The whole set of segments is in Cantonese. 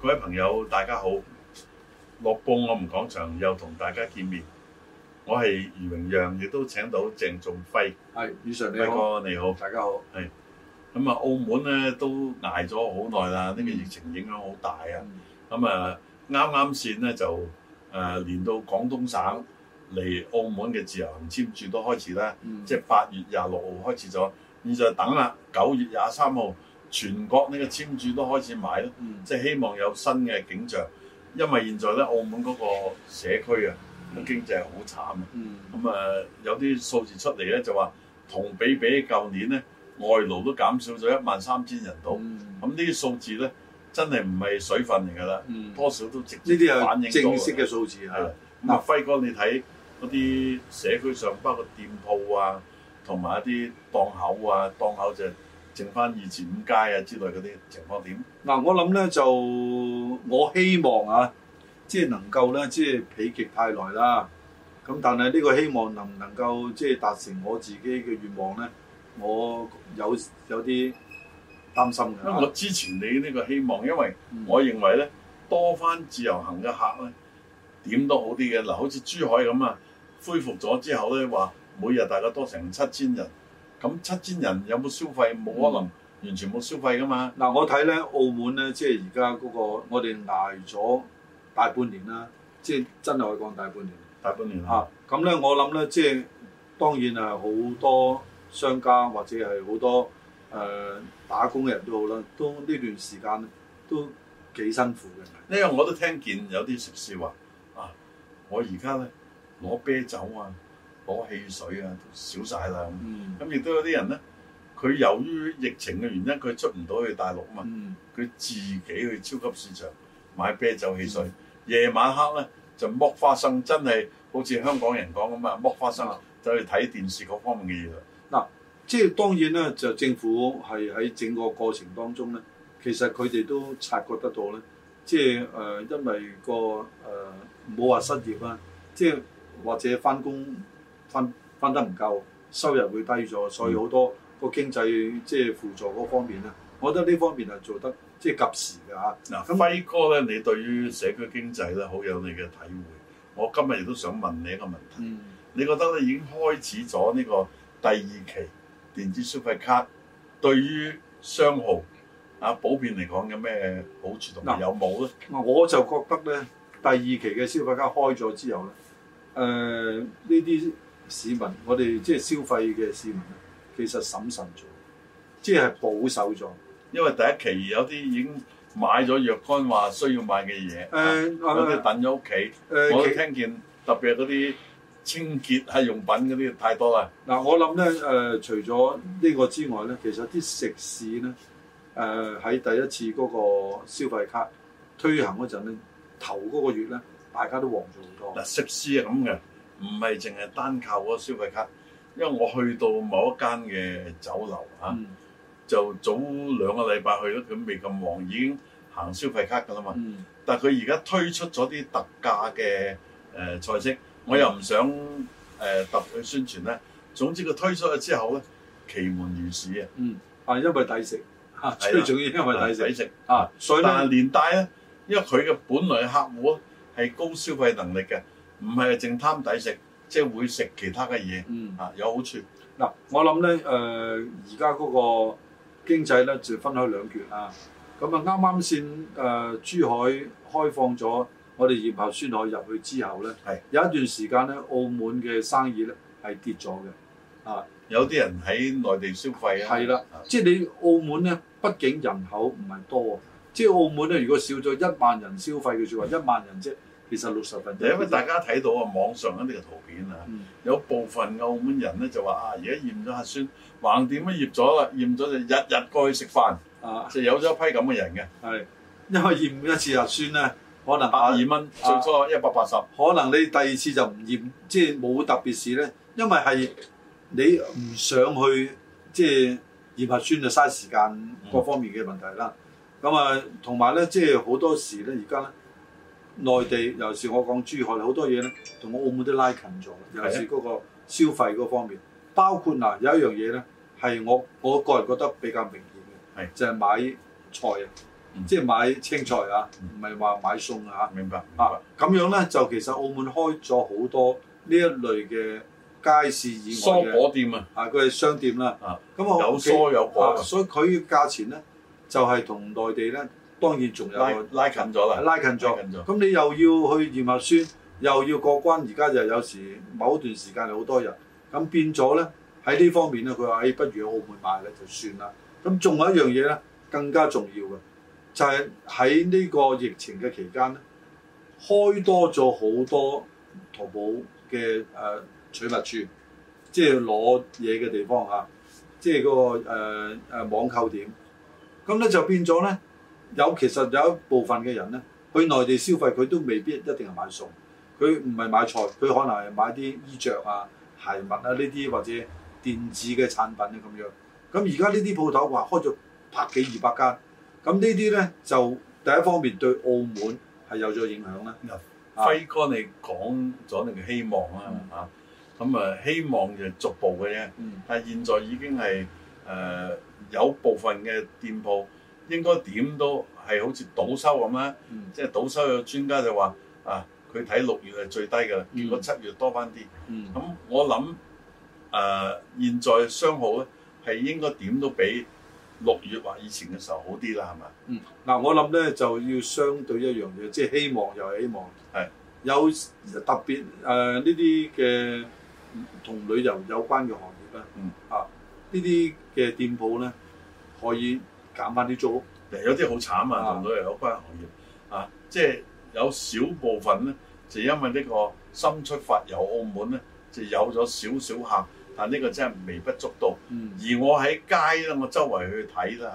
各位朋友，大家好！樂報我們講場又同大家見面，我係余榮陽，亦都請到鄭仲輝。係，余常你好，大哥你好，大家好。係，咁啊，澳門咧都挨咗好耐啦，呢個疫情影響好大啊。咁啊，啱啱先咧就誒連到廣東省。嚟澳門嘅自由行簽注都開始啦，即係八月廿六號開始咗，現在等啦。九月廿三號全國呢個簽注都開始買咯，即係希望有新嘅景象。因為現在咧澳門嗰個社區啊，經濟係好慘嘅。咁啊有啲數字出嚟咧就話同比比起舊年咧外勞都減少咗一萬三千人到。咁呢啲數字咧真係唔係水分嚟㗎啦，多少都直接反映到嘅。正式嘅數字係。阿輝哥你睇。嗰啲社區上，包括店鋪啊，同埋一啲檔口啊，檔口就剩翻二至五街啊之類嗰啲情況點？嗱、啊，我諗咧就我希望啊，即係能夠咧，即係彼極太耐啦。咁但係呢個希望能唔能夠即係達成我自己嘅願望咧，我有有啲擔心嘅。因為我支持你呢個希望，因為我認為咧多翻自由行嘅客咧點都好啲嘅。嗱、啊，好似珠海咁啊～恢復咗之後咧，話每日大家多成七千人，咁七千人有冇消費？冇可能完全冇消費噶嘛。嗱、嗯，我睇咧澳門咧，即係而家嗰個我哋挨咗大半年啦，即係真係可以講大半年。大半年啊！咁咧，我諗咧，即係當然係好多商家或者係好多誒、呃、打工嘅人都好啦，都呢段時間都幾辛苦嘅。呢樣我都聽見有啲食肆話啊，我而家咧。攞啤酒啊，攞汽水啊，都少晒啦咁。咁亦都、嗯、有啲人咧，佢由於疫情嘅原因，佢出唔到去大陸啊嘛，佢、嗯、自己去超級市場買啤酒、汽水。夜、嗯、晚黑咧就剝花生，真係好似香港人講咁啊，剝花生啊，走去睇電視嗰方面嘅嘢啦。嗱、嗯，即係當然咧，就政府係喺整個過程當中咧，其實佢哋都察覺得到咧，即係誒、呃，因為個誒冇話失業啦，即係。或者翻工翻翻得唔夠，收入會低咗，所以好多個經濟即係輔助嗰方面咧，我覺得呢方面係做得即係及時嘅吓。嗱、嗯，嗯、輝哥咧，你對於社區經濟咧好有你嘅體會，我今日亦都想問你一個問題。嗯、你覺得咧已經開始咗呢個第二期電子消費卡對於商號啊，普遍嚟講有咩好處同有冇咧？我就覺得咧第二期嘅消費卡開咗之後咧。誒呢啲市民，我哋即係消費嘅市民，其實審慎咗，即係保守咗，因為第一期有啲已經買咗若干話需要買嘅嘢，呃、有啲等咗屋企。呃、我哋聽見特別嗰啲清潔係用品嗰啲太多啦。嗱、呃，我諗咧誒，除咗呢個之外咧，其實啲食肆咧誒喺第一次嗰個消費卡推行嗰陣咧，頭嗰個月咧。大家都旺咗好多。嗱，食肆啊咁嘅，唔係淨係單靠嗰消費卡。因為我去到某一間嘅酒樓嚇，嗯、就早兩個禮拜去咗，佢未咁旺，已經行消費卡噶啦嘛。嗯、但係佢而家推出咗啲特價嘅誒、嗯呃、菜式，我又唔想誒特去宣傳咧。總之佢推出咗之後咧，奇門如市嘅。嗯，啊，因為抵食，啊，最重要因為抵食，啊，所以咧，但連帶咧，因為佢嘅本來客戶啊。係高消費能力嘅，唔係淨貪抵食，即係會食其他嘅嘢，啊、嗯 uh, 有好處。嗱，我諗咧，誒而家嗰個經濟咧就分開兩橛啦、啊。咁啊啱啱先誒珠海開放咗我哋鹽鹹酸海入去之後咧，係是有一段時間咧澳門嘅生意咧係跌咗嘅，啊、uh, 有啲人喺內地消費啊，係啦、嗯，的 uh, 即係你澳門咧畢竟人口唔係多。即係澳門咧，如果少咗一萬人消費嘅説話，一、就係、萬人啫，其實六十分之一，因為大家睇到啊，網上嗰啲嘅圖片啊，嗯、有部分澳門人咧就話啊，而家驗咗核酸，橫掂都驗咗啦，驗咗就日日過去食飯啊，就有咗一批咁嘅人嘅。係，因為驗一次核酸咧，可能百二蚊，元啊、最多一百八十。可能你第二次就唔驗，即係冇特別事咧，因為係你唔上去，即係驗核酸就嘥時間各方面嘅問題啦。嗯咁啊，同埋咧，即係好多時咧，而家咧，內地尤其是我講珠海好多嘢咧，同澳門都拉近咗，尤其是嗰個消費嗰方面，包括嗱有一樣嘢咧，係我我個人覺得比較明顯嘅，係、like, 就係買菜啊，即係買青菜啊，唔係話買餸啊，明白啊？咁樣咧就其實澳門開咗好多呢一類嘅街市以外嘅蔬果店啊，啊，佢係商店啦，咁啊有蔬有果啊，所以佢價錢咧。就係同內地咧，當然仲有拉近咗啦，拉近咗。咁你又要去驗核酸，又要過關，而家就有時某一段時間係好多人，咁變咗咧喺呢方面咧，佢話：哎，不如去澳門買咧，就算啦。咁仲有一樣嘢咧，更加重要嘅，就係喺呢個疫情嘅期間咧，開多咗好多淘寶嘅誒取物處，即係攞嘢嘅地方啊，即係嗰個誒誒網購點。咁咧就變咗咧，有其實有一部分嘅人咧，去內地消費佢都未必一定係買餸，佢唔係買菜，佢可能係買啲衣着啊、鞋襪啊呢啲或者電子嘅產品啊咁樣。咁而家呢啲鋪頭話開咗百幾二百間，咁呢啲咧就第一方面對澳門係有咗影響啦。阿、嗯啊、輝哥你講咗你嘅希望啦、啊、嚇，咁啊、嗯嗯、希望就逐步嘅啫，嗯、但係現在已經係。誒、呃、有部分嘅店鋪應該點都係好似倒收咁啦、啊，嗯、即係倒收，有專家就話啊，佢睇六月係最低㗎啦，如果七月多翻啲，咁、嗯、我諗誒、呃、現在商號咧係應該點都比六月話以前嘅時候好啲啦，係咪？嗯，嗱、啊、我諗咧就要相對一樣嘢，即係希望又係希望係是有特別誒呢啲嘅同旅遊有關嘅行業啦，嗯啊。呢啲嘅店鋪咧，可以減翻啲租屋。有啲好慘啊，同旅遊有關行業啊，即係有少部分咧，就因為呢個新出發遊澳門咧，就有咗少少客，但呢個真係微不足道。而我喺街咧，我周圍去睇啦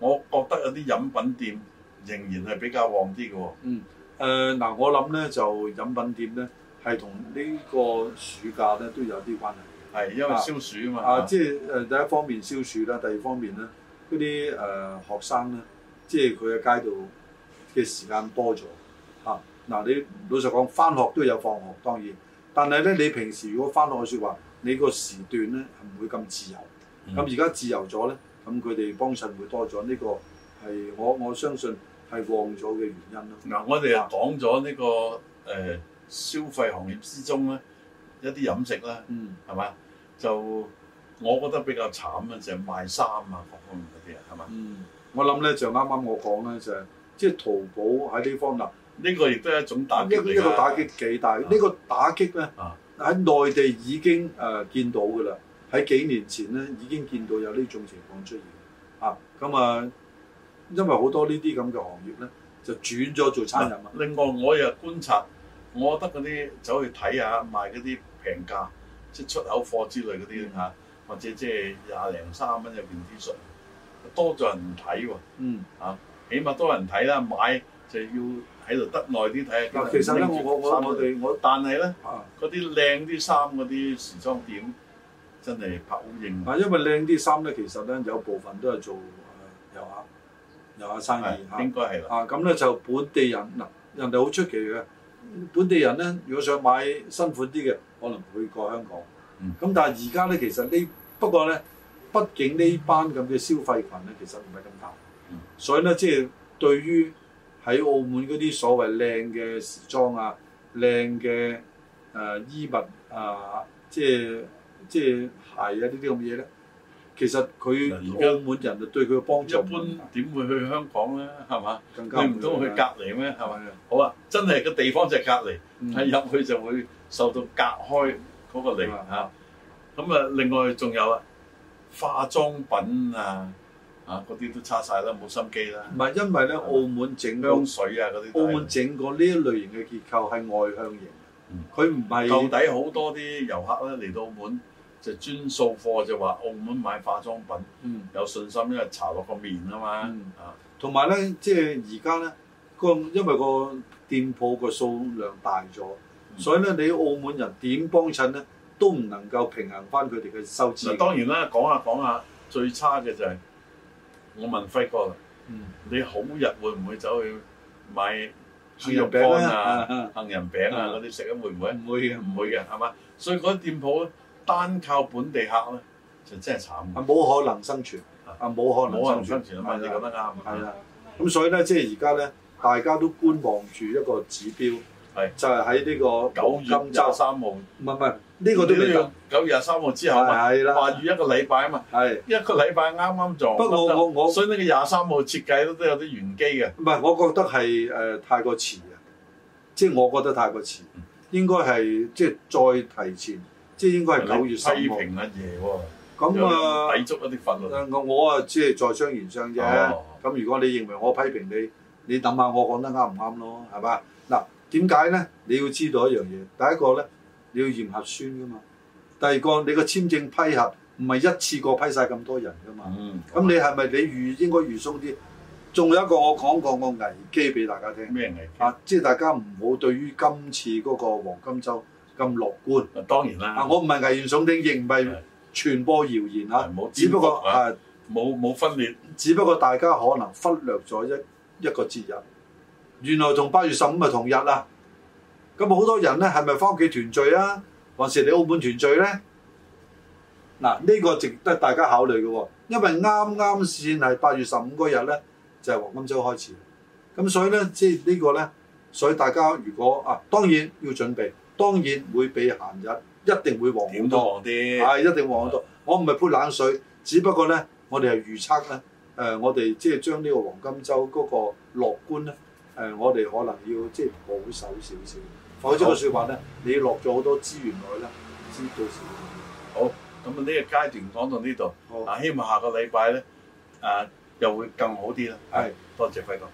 嚇，我覺得有啲飲品店仍然係比較旺啲嘅喎。嗯，誒、呃、嗱，我諗咧就飲品店咧，係同呢個暑假咧都有啲關係。係，因為消暑啊嘛。啊，即係誒第一方面消暑啦，第二方面咧，嗰啲誒學生咧，即係佢喺街度嘅時間多咗。嚇、啊，嗱你老實講，翻學都有放學，當然。但係咧，你平時如果翻學嘅説話，你個時段咧係唔會咁自由。咁而家自由咗咧，咁佢哋幫襯會多咗。呢、這個係我我相信係旺咗嘅原因咯。嗱、啊啊，我哋講咗呢個誒、呃、消費行業之中咧。一啲飲食咧，係咪、嗯？就我覺得比較慘咧，就係、是、賣衫啊，各方面嗰啲啊，係咪、嗯？我諗咧，就啱啱我講咧，就係、是、即係淘寶喺呢方啦。呢個亦都係一種打擊。呢個打擊幾大？呢、啊、個打擊咧，喺內、啊、地已經誒、呃、見到㗎啦。喺幾年前咧，已經見到有呢種情況出現。啊，咁、嗯、啊，因為好多呢啲咁嘅行業咧，就轉咗做餐飲啦。另外，我又觀察，我覺得嗰啲走去睇下賣嗰啲。平價即係出口貨之類嗰啲嚇，或者即係廿零三蚊入邊啲恤，多咗人睇喎。嗯嚇、啊，起碼多人睇啦，買就要喺度得耐啲睇。嗱，其實咧，我我我哋我，但係咧，嗰啲靚啲衫嗰啲時裝店真係拍烏蠅。啊，因為靚啲衫咧，其實咧有部分都係做遊客遊客生意嚇，應該係啦。咁咧、啊、就本地人嗱，人哋好出奇嘅。本地人咧，如果想買新款啲嘅，可能去過香港，咁但係而家咧，其實呢不過咧，畢竟呢班咁嘅消費群咧，其實唔係咁大，所以咧、呃呃，即係對於喺澳門嗰啲所謂靚嘅時裝啊、靚嘅誒衣物啊，即係即係鞋啊呢啲咁嘅嘢咧，其實佢澳門人就對佢嘅幫助一般。點會去香港咧？係嘛？更加唔通去隔離咩？係咪？的好啊！真係個地方就係、係、隔離，係入、嗯、去就會。受到隔開嗰個離嚇，咁啊，另外仲有啊，化妝品啊嚇嗰啲都差晒啦，冇心機啦。唔係因為咧，澳門整香水啊嗰啲，澳門整個呢一類型嘅結構係外向型，佢唔係。到底好多啲遊客咧嚟到澳門就專掃貨，就話澳門買化妝品有信心，因為搽落個面啊嘛。啊，同埋咧，即係而家咧個，因為個店鋪個數量大咗。所以咧，你澳門人點幫襯咧，都唔能夠平衡翻佢哋嘅收支。嗱，當然啦，講下講下，最差嘅就係我問輝哥，你好日會唔會走去買豬肉乾啊、杏仁餅啊嗰啲食啊？會唔會？唔會嘅，唔會嘅，係嘛？所以嗰啲店鋪咧，單靠本地客咧，就真係慘嘅，冇可能生存。啊，冇可能生存。冇可能生存啊嘛？你咁樣啱？係啊，咁所以咧，即係而家咧，大家都觀望住一個指標。就係喺呢個九月廿三號，唔係，唔係呢個都要九月廿三號之後，係啦，話要一個禮拜啊嘛，係一個禮拜啱啱做，不過我我所以呢個廿三號設計都有啲玄機嘅。唔係，我覺得係誒太過遲啊，即係我覺得太過遲，應該係即係再提前，即係應該係九月三號。批評阿爺喎，咁啊抵觸一啲法律。我我啊，即係再商言商啫。咁如果你認為我批評你，你諗下我講得啱唔啱咯？係嘛？嗱。點解咧？你要知道一樣嘢，第一個咧，你要驗核酸㗎嘛。第二個，你個簽證批核唔係一次過批晒咁多人㗎嘛。嗯。咁你係咪你預應該預鬆啲？仲有一個我講過個危機俾大家聽。咩危機？啊，即係大家唔好對於今次嗰個黃金週咁樂觀。啊當然啦。啊，我唔係危言聳聽，亦唔係傳播謠言啊。係冇。只不過啊，冇冇分裂，只不過大家可能忽略咗一一個節日。原來同八月十五係同日啦，啊，咁好多人咧係咪翻屋企團聚啊？還是你澳門團聚咧？嗱，呢個值得大家考慮嘅喎，因為啱啱先係八月十五嗰日咧，就係、是、黃金周開始，咁所以咧即係呢、這個咧，所以大家如果啊當然要準備，當然會比閑日一定會旺好多，係一,一定旺好多。的我唔係潑冷水，只不過咧我哋係預測咧，誒、呃、我哋即係將呢個黃金周嗰個樂觀咧。誒、呃，我哋可能要即係保守少少，否則個說話咧，你落咗好多資源落去咧，先到時好。咁好啊，呢個階段講到呢度，嗱，希望下個禮拜咧，誒、呃、又會更好啲啦。係的，多謝輝哥。